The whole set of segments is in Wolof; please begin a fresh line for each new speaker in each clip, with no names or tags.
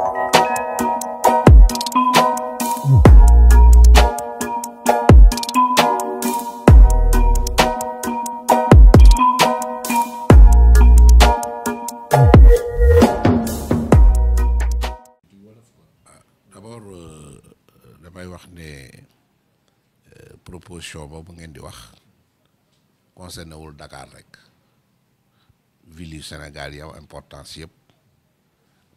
Euh, wax euh, proposition boobu ngeen di wax concerné wul Dakar rek ville yu Sénégal yi am importance yëpp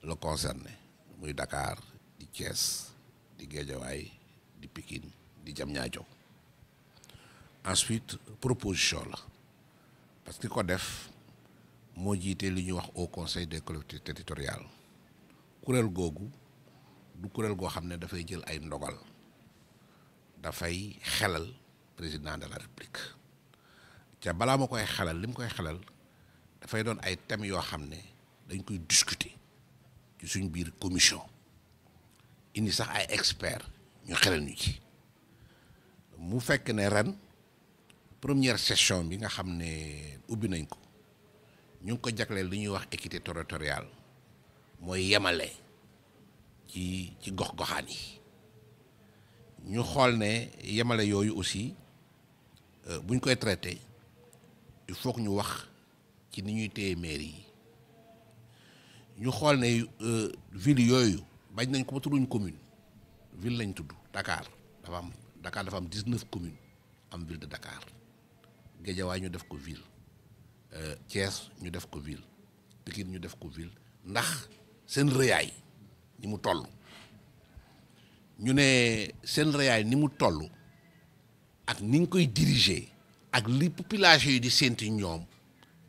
la concerné muy dakaar di Thiès di Guédiawaay di Pikine di Diamniadio ensuite proposition la parce que ko def moo jiite li ñuy wax au conseil des collectivités territorial kuréel googu du kuréel goo xam ne dafay jël ay ndogal dafay xelal président de la république ca balaa ma koy xelal li mu koy xelal dafay doon ay thèmes yoo xam ne dañ koy discuter ci suñ biir commission indi sax ay experts ñu xelal ñu ci mu fekk ne ren première session bi nga xam ne ubbi nañ ko ñu ngi ko jagleel li ñuy wax équité territoriale mooy yemale ci ci gox-goxaan yi ñu xool ne yemale yooyu aussi euh, buñ koy traité il faut que ñu wax ci ni ñuy téye mairie yi. ñu xool ne euh, ville yooyu bañ nañ ko ba tudduñ commune ville lañ tudd Dakar dafa am Dakar dafa am dix-neuf communes am ville de Dakar Guédiawaye ñu def ko ville euh, Thiès ñu def ko ville Pikine ñu def ko ville ndax seen rëyaay ni mu toll ñu ne seen rëyaay ni mu toll ak niñ koy diriger ak li population yi di sénti ñoom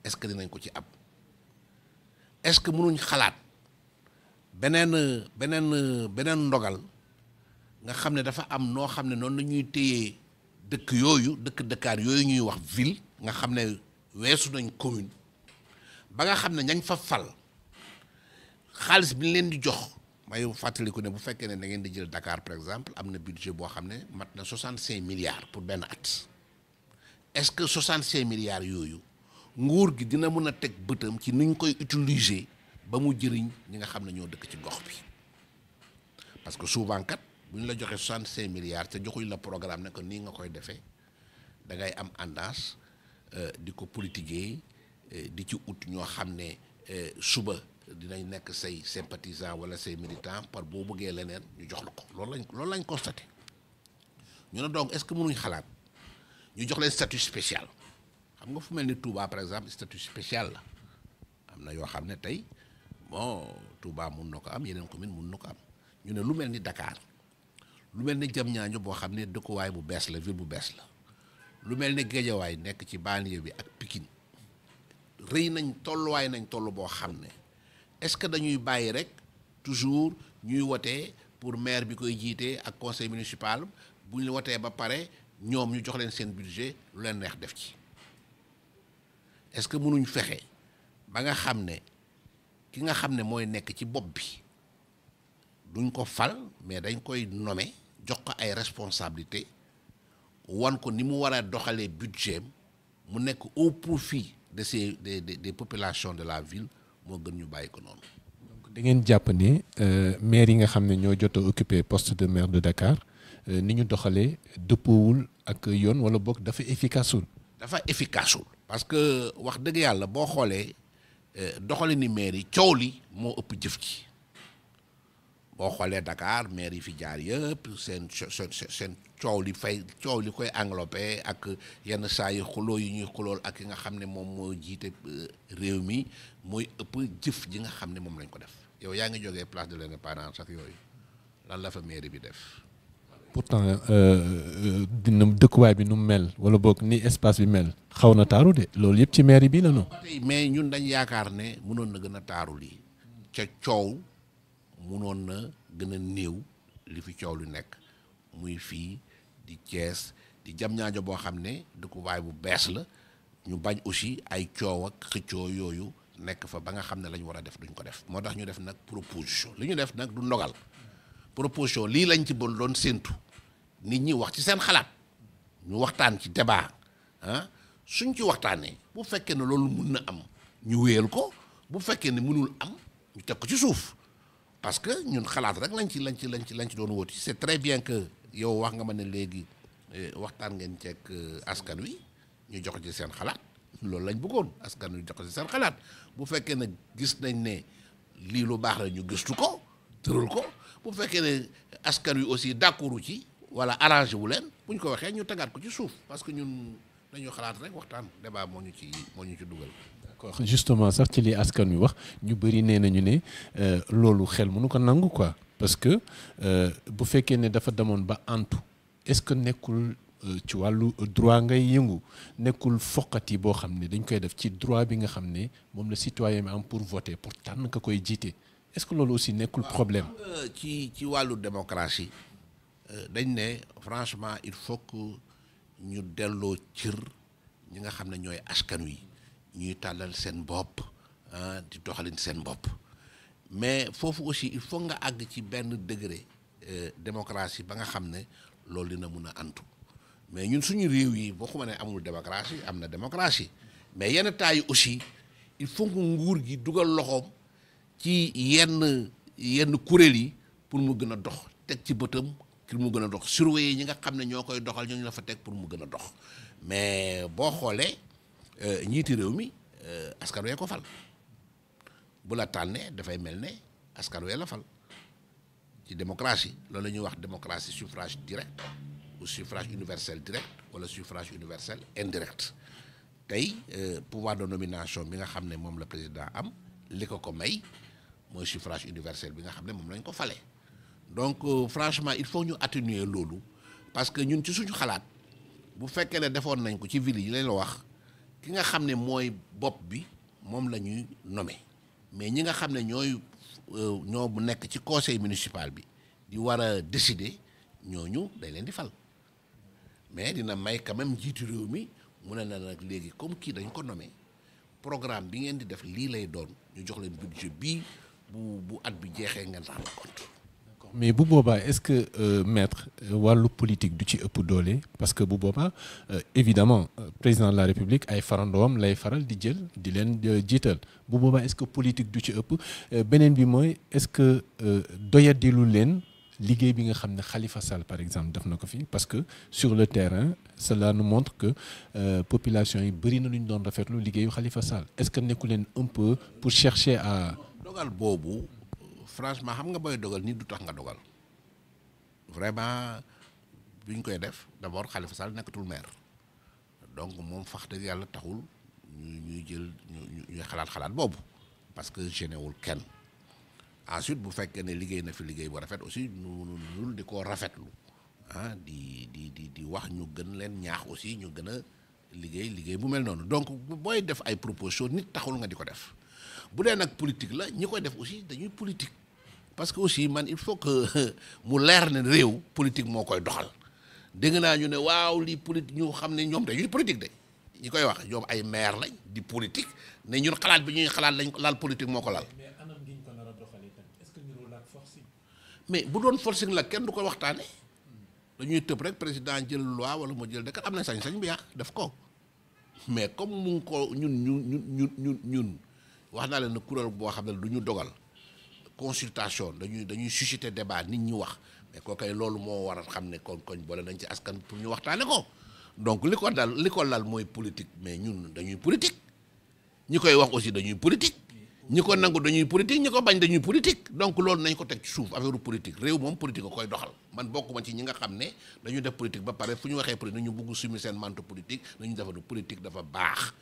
est-ce que dinañ ko ci ab est-ce que mënuñ xalaat beneen beneen beneen ndogal nga xam ne dafa am noo xam ne noonu la ñuy téyee dëkk yooyu dëkk dëkkaar yooyu ñuy wax ville nga xam ne weesu nañ commune ba nga xam ne ñañ fa fal xaalis bi ñu leen di jox may fàttaliku ne bu fekkee ne da ngeen di jël Dakar par exemple am na budget boo xam ne mat na 65 milliards pour benn at est-ce que 65 milliards yooyu nguur gi dina mën a teg bëtam ci nuñ koy utiliser ba mu jëriñ ñi nga xam ne ñoo dëkk ci gox bi parce que souvent kat bu ñu la joxee cent cinq milliards te joxuñ la programme ne nii nga koy defee da ngay am àndance euh, di ko politiquer euh, di ci ut ñoo xam ne euh, suba dinañ nekk say sympathisant wala say militant par boo bëggee leneen ñu jox la ko loolu lañ loolu lañ constaté ñu ne doog est-ce que mënuñ xalaat ñu jox leen statut spécial xam nga fu mel ni Touba par exemple statut spécial la am na yoo xam ne tey bon Touba mun na ko am yeneen commune mun na ko am ñu ne lu mel ni dakaar lu mel ni Diamniadio boo xam ne dëkkuwaay bu bees la ville bu bees la lu mel ni géejawaay nekk ci banlieue bi ak Pikine rëy nañ tolluwaay nañ toll boo xam ne est-ce que dañuy bàyyi rek toujours ñuy wotee pour maire bi koy jiitee ak conseil municipal bu ñu wotee ba pare ñoom ñu jox leen seen budget lu leen neex def ci est-ce que mënuñ fexe ba nga xam ne ki nga xam ne mooy nekk ci bopp bi duñ ko fal mais dañ koy nommer jox ko ay responsabilité wan ko ni mu war a doxalee budget mu nekk au profit de ces des des population de la ville moo gën ñu bàyyi ko noonu.
donc da ngeen jàpp ne euh, maire yi nga xam ne ñoo jot a occupé poste de maire de Dakar euh, ni ñu doxalee dëppoowul ak yoon wala boog dafa efficaceul.
dafa efficaceul. parce que wax dëgg yàlla boo xoolee euh, doxali ni maire yi coow li moo ëpp jëf ji boo xoolee dakaar maire yi fi jaar yëpp seen seen seen coow li fay coow li koy englobé ak yenn saa yu xuloo yu ñuy xulool ak yi nga xam ne moom moo jiite euh, réew mi mooy ëpp jëf ji nga xam ne moom lañ ko def yow yaa ngi jógee place de l'Indépendance ak yooyu lan la fa mairie bi def
pourtant dina euh, euh, dëkkuwaay bi nu mu mel wala boog ni espace bi mel xaw na taaru de loolu yëpp ci mairie bi la
mais ñun dañ yaakaar ne munoon na gën a taaru lii ca coow mënoon na gën a néew li fi coow lu nekk muy fii di Thiès di jam ñaajo boo xam ne dëkkuwaay bu bees la ñu bañ aussi ay coow ak xëccoo yooyu nekk fa ba nga xam ne la ñu war a def duñ ko def moo tax ñu def nag proposition li ñu def nag du ndogal proposition lii lañ ci bon doon séentu. nit ñi wax ci seen xalaat ñu waxtaan ci débat ah suñ ci waxtaanee bu fekkee ne loolu mun na am ñu wéyal ko bu fekkee ne mënul am ñu teg ko ci suuf parce que ñun xalaat rek lañ ci lañ ci lañ ci lañ ci doon wóoti c'est très bien que yow wax nga ma ne léegi eh, waxtaan ngeen ceeg eh, askan wi ñu jox ci seen xalaat loolu lañ bëggoon askan wi jox ci seen xalaat bu fekkee ne gis nañ ne lii lu baax rek ñu gëstu ko tëral ko bu fekkee ne askan wi aussi d'accordu ci wala arrangé wu leen bu ñu ko waxee ñu tagaat ko ci suuf parce que ñun dañoo xalaat rek waxtaan débat moo ñu ci moo ñu ci dugal. d'accord
justement sax ci li askan wi wax ñu bëri nee nañu ne euh, loolu xel mënu ko nangu quoi parce que euh, bu fekkee ne dafa demoon ba antu est-ce que nekkul. Euh, ci wàllu droit ngay yëngu nekkul yi boo xam ne dañ koy def ci droit bi nga xam ne moom la citoyen bi am pour voter pour tànn ka koy jiite est-ce que loolu aussi nekkul
problème. ci ci wàllu démocratie Euh, dañ ne franchement il faut que ñu delloo cër ñi nga xam ne ñooy askan wi ñuy tàllal seen bopp ah, di doxalin seen bopp mais foofu aussi il faut nga àgg ci benn degré euh, démocratie ba nga xam ne loolu dina mun a antu mais ñun suñu réew yi waxuma ne amul démocratie am na démocratie mais yenn temps yi aussi il faut que nguur gi dugal loxoom ci yenn yenn kuréel yi pour mu gën a dox teg ci bëtam pour mu gën a dox yi ñi nga xam ne ñoo koy doxal ñoo ñu la fa teg pour mu gën a dox mais boo xoolee ñiiti euh, réew mi euh, askan wee ko fal bu la tànnee dafay mel ne askan wee la fal ci démocratie loolu la ñuy wax démocratie suffrage direct ou suffrage universel direct wala suffrage universel indirect tey euh, pouvoir de nomination bi nga xam ne moom la président am li ko ko may mooy suffrage universel bi nga xam ne moom lañ ko fale donc euh, franchement il faut ñu atténuer loolu parce que ñun ci suñu xalaat bu fekkee ne defoon nañ ko ci ville yi leen la wax ki nga xam ne mooy bopp bi moom la ñuy nommer mais ñi nga xam ne ñooy euh, ñoo bu nekk ci conseil municipal bi di war a décider ñooñu dañ leen di fal mais dina may quand même njiitu réew mi mu ne na nag léegi comme kii dañ ko nommer programme bi ngeen di def lii lay doon ñu jox leen budget bii bu bu at bi jeexee ngeen rendre compte
mais bu boobaa est-ce que euh, maître wàllu politique du ci ëpp doole parce que bu boobaa euh, évidemment euh, président de la république ay farandoom lay faral di jël di leen euh, jiital bu boobaa est-ce que politique du ci ëpp euh, beneen bi mooy est-ce que doyadilu leen liggéey bi nga xam ne xalifa Sall par exemple def na ko fi parce que sur le terrain cela nous montre que euh, population yi bëri na lu ñu doon rafetlu liggéeyu xalifa Sall est-ce que nekku leen un peu pour chercher à
dogal boobu franchement xam nga booy dogal nit du tax nga dogal vraiment bi ñu koy def d'abord Khalifa Sall nekkatul maire donc moom fax dëgg yàlla taxul ñu ñuy jël ñu ñuy xalaat xalaat boobu parce que génewul kenn ensuite bu fekkee ne liggéey na fi liggéey bu rafet aussi ñu ñul di ko rafetlu ah di di di di wax ñu gën leen ñaax aussi ñu gën a liggéey liggéey bu mel noonu donc booy def ay proposition nit taxul nga di ko def bu dee nag politique la ñi koy def aussi dañuy politique parce que aussi man il faut que mu leer ne réew politique moo koy doxal dégg naa ñu ne waaw lii politique ñu xam ne ñoom dañuy politique de ñu koy wax ñoom ay maire lañ di politique ne ñun xalaat bi ñuy xalaat lañ laal politique moo ko laal.
mais anam ko nar a doxalee tam est-ce que
mais bu doon forcing la kenn du ko waxtaanee dañuy tëb rek président jël loi wala moo jël décret am na sañ-sañ bi yaa ah, def ko mais comme mu ko ñun ñun ñun ñun ñun wax naa leen ne boo xam ne du ñu dogal. consultation dañuy dañuy susciter débat nit ñi wax mais koo kay loolu moo waral xam ne kon koñ boole nañ ci askan pour ñu waxtaane ko donc li ko dal li ko lal mooy politique mais ñun dañuy politique ñi koy wax aussi dañuy politique ñi ko nangu dañuy politique ñi ko bañ dañuy politique donc loolu nañ ko teg ci suuf affaire politique réew moom politique a koy doxal man bokk bokkuma ci ñi nga xam ne dañu def politique ba pare fu ñu waxee politique ñu bugg sumi seen manteau politique nañu defaru politique dafa baax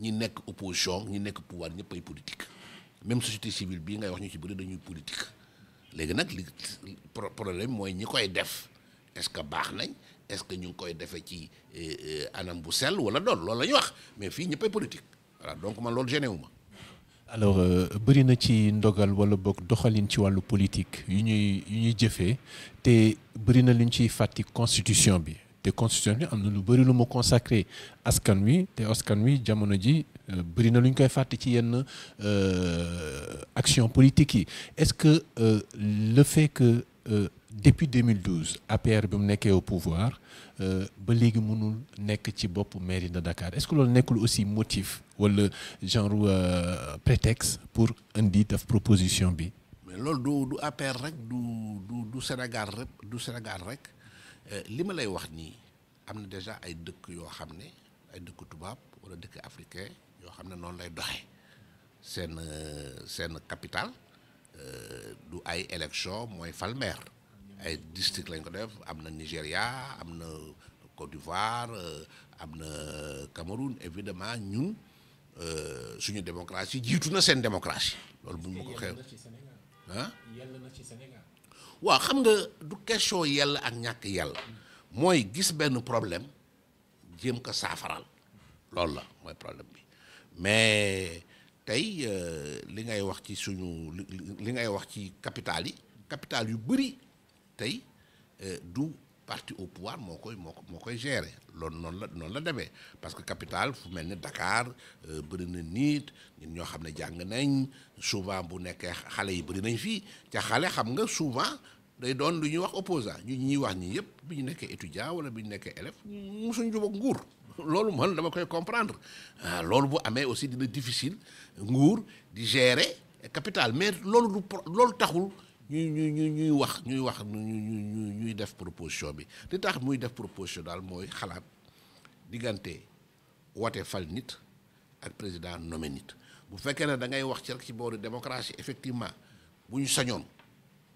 ñi nekk opposition ñi nekk pouvoir ñëpp ay politique même société civile bi ngay wax ñu ci bëri dañuy politique léegi nag li problème mooy ñi koy def est-ce que baax nañ est-ce que ñu ngi koy defee ci euh, euh, anam bu sell wala doon loolu la ñuy wax mais fii ñëppay politique voilà donc man loolu gêné wu ma.
alors euh, bëri na ci ndogal wala boog doxalin ci wàllu politique yu ñuy yu ñuy jëfee te bëri na lu ciy fàtti constitution bi. te constitution bi am na lu bëri lu mu consacré askan wi te askan wi jamono ji euh, bëri na lu ñu koy fàtte ci yenn euh, action politique yi est-ce que euh, le fait que euh, depuis 2012 APR bi mu nekkee au pouvoir euh, ba léegi mënul nekk ci bopp mairie de Dakar est-ce que loolu nekkul aussi motif walla genre euh, prétexte pour indi def proposition bi.
mais loolu du du APR rek du du du Sénégal rek du Sénégal rek. Euh, li ma lay wax nii am na déjà ay dëkk yoo xam ne ay dëkk tubaab wala dëkk africain yoo xam ne noonu lay doxee seen euh, seen capital euh, du ay élection mooy fal maire ay district lañ ko def am na Nigéria am na Côte d'Ivoire am na Cameroun évidemment ñun suñu démocratie jiitu na seen démocratie loolu bu ma ko xew waaw xam nga du question yàlla ak ñàkk yàlla mooy gis benn problème jéem ko saafaral loolu la mooy problème bi mais tey euh, li ngay wax ci suñu li ngay wax ci capital yi capital yu bëri tey euh, du parti au pouvoir moo koy moo moo koy gérer lool noonu la noonu la demee parce que capital fu mel ni Dakar euh, bëri na nit ñun ñoo xam ne jàng nañ souvent bu nekkee xale yi bëri nañ fii ca xale xam nga souvent day doon lu ñuy wax opposant ñu ñuy wax ñi yëpp bi ñu nekkee étudiant wala bi ñu nekkee élève musuñ jubóog nguur loolu man dama koy comprendre ah, loolu bu amee aussi dina difficile nguur di gérer capital mais loolu du loolu taxul ñuy ñuy ñuy ñuy wax ñuy wax ñuy ñuy def proposition bi li tax muy def proposition daal mooy xalaat diggante wote fal nit ak président nommé nit bu fekkee ne da ngay wax ci rek ci booru démocratie effectivement bu ñu sañoon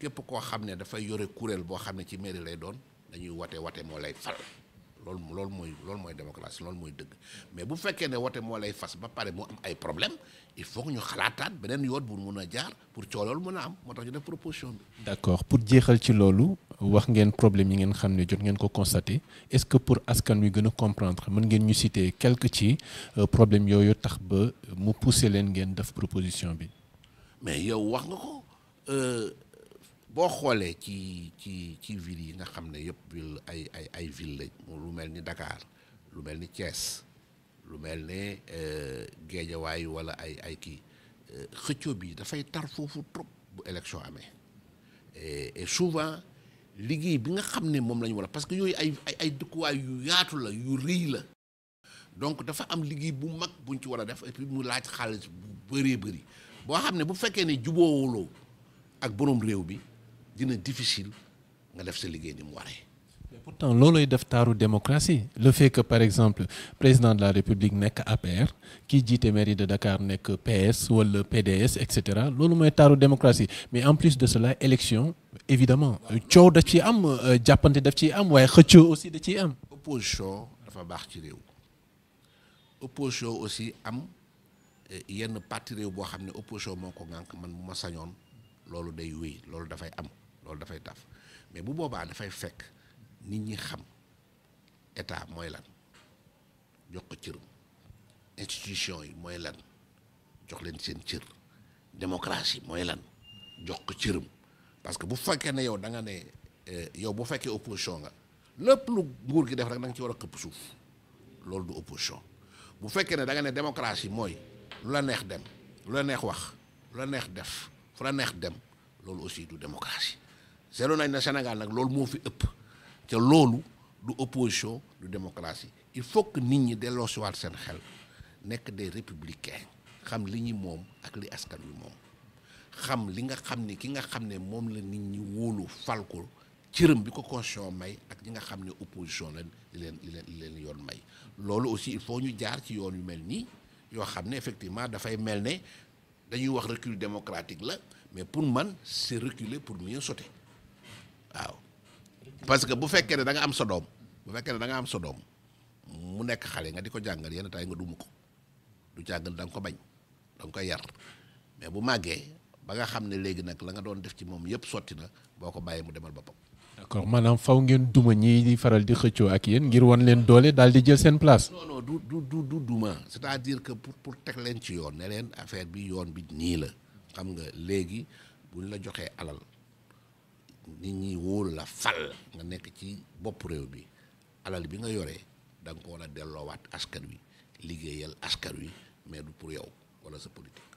képp koo xam ne dafay yore kuréel boo xam ne ci mairie lay doon dañuy wote wote moo lay fal. loolu loolu mooy loolu mooy démocratie loolu mooy dëgg mais bu fekkee ne wote moo lay fas ba pare mu am ay problème il faut que ñu xalaataat beneen yoon bu mun a jaar pour coow loolu mën a am moo tax ñu def proposition bi.
d' pour jeexal ci loolu wax ngeen problème yi ngeen xam ne jot ngeen ko constaté est ce que pour askan wi gën a comprendre mën ngeen ñu citer quelque ci euh, problème yooyu tax ba mu pousser leen ngeen def proposition bi.
mais yow wax nga ko. Euh, boo xoolee ci ci ci ville yi nga xam ne yëpp ville ay ay ay ville lañ lu mel ni Dakar lu mel ni Thiès lu mel ne euh, Géejawaay wala ay ay kii euh, xëccoo bi dafay tar foofu trop bu élection amee et souvent liggéey bi nga xam ne moom lañu walla parce que yooyu ay ay ay dëkkuwaay yu yaatu la yu rëy la donc dafa am liggéey bu mag buñ ci war a def et puis mu laaj xaalis bu bëree bëri boo xam ne bu fekkee ne juboowuloo ak borom réew bi dina difficile nga def sa liggéey ni mu waree.
mais pourtant loolooy def taaru démocratie le fait que par exemple président de la république nekk APR kii jiite mairie de Dakar nekk PS wala PDS et cetera loolu mooy taaru démocratie mais en plus de cela élection évidemment coow daf ciy am euh, jàppante daf ciy am waaye xëccoo aussi
da ciy am. opposition dafa baax ci réew. opposition aussi am euh, yenn parti réew boo xam ne opposition moo ko ŋànk man bu ma sañoon loolu day wéy loolu dafay am. loolu dafay taf mais bu boobaa dafay fekk nit ñi xam état mooy lan jox ko cërum institution yi mooy lan jox leen seen cër démocratie mooy lan jox ko cërum parce que bu fekkee ne yow danga nga ne eh, yow bu fekkee opposition nga lépp lu nguur gi def rek da ci war a këpp suuf loolu du opposition bu fekkee ne da nga ne démocratie mooy lu la neex dem lu la neex wax lu la neex def fu la neex dem loolu aussi du démocratie zéro nañ na Sénégal nag loolu moo fi ëpp ca loolu du opposition du démocratie il faut que nit ñi delloosiwaat seen xel nekk des républicains xam li ñi moom ak li askan wi moom xam li nga xam ni ki nga xam ne moom la nit ñi wóolu fal ko cërëm bi ko constitution may ak ñi nga xam ne opposition la li leen leen yoon may loolu aussi il faut ñu jaar ci yoon yu mel nii yoo xam ne effectivement dafay mel ne dañuy wax recul démocratique la mais pour man c'est reculer pour mieux sauter waaw parce que bu fekkee ne danga am sa doom bu fekkee da nga am sa doom mu nekk xale nga di ko jàngal yenn taay nga dumu ko du jàngal danga ko bañ da nga koy yar mais bu màggee ba nga xam ne léegi nag la nga doon def ci moom yëpp sotti na boo ko bàyyee mu demal boppam. d'accord
maanaam faw ngeen duma ñi di faral di xëccoo ak yéen ngir wan leen doole daal di jël seen place.
non du du du du duma cest à diir que pour pour teg leen ci yoon ne leen affaire bi yoon bi nii la xam nga léegi buñ la joxee alal. nit ñi wóolu la fal nga nekk ci boppu réew bi alal bi nga yore danga nga ko war a delloowaat askan wi liggéeyal askan wi mais du pour yow wala sa politique.